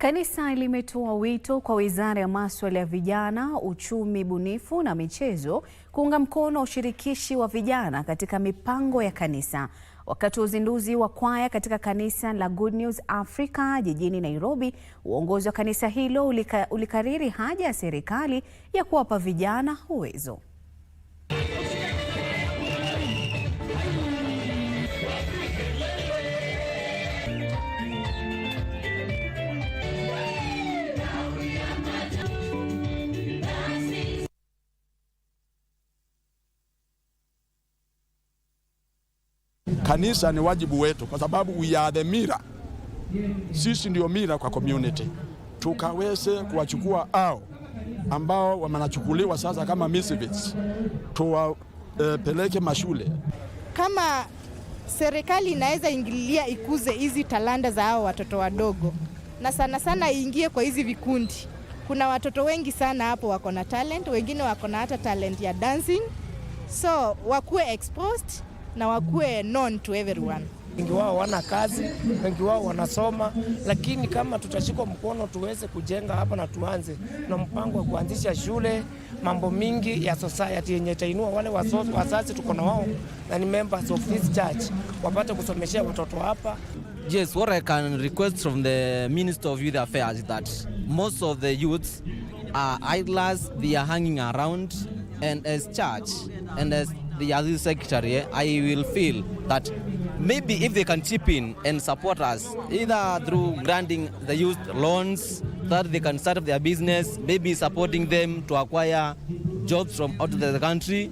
Kanisa limetoa wito kwa Wizara ya Masuala ya Vijana, Uchumi Bunifu na Michezo kuunga mkono ushirikishi wa vijana katika mipango ya kanisa. Wakati wa uzinduzi wa kwaya katika kanisa la Good News Africa jijini Nairobi, uongozi wa kanisa hilo ulikariri haja ya serikali ya kuwapa vijana uwezo. Kanisa ni wajibu wetu, kwa sababu we are the mirror. Sisi ndio mira kwa community, tukaweze kuwachukua hao ambao wanachukuliwa sasa kama misfits, tuwapeleke eh, mashule. Kama serikali inaweza ingilia, ikuze hizi talanta za hao watoto wadogo, na sana sana iingie kwa hizi vikundi. Kuna watoto wengi sana hapo wako na talent, wengine wako na hata talent ya dancing, so wakuwe exposed na wakuwe known to everyone. Wengi wao wana kazi, wengi wao wanasoma, lakini kama tutashikwa mkono tuweze kujenga hapa na tuanze na mpango wa kuanzisha shule, mambo mingi ya society yenye tainua wale wasasi tuko na wao na ni members of this church wapate kusomeshea watoto hapa. Yes, what I can request from the Minister of Youth Affairs is that most of the youths are idlers, they are hanging around and as church and as the Aziz Secretary, I will feel that maybe if they can chip in and support us either through granting the youth loans that they can start up their business, maybe supporting them to acquire jobs from out of the country.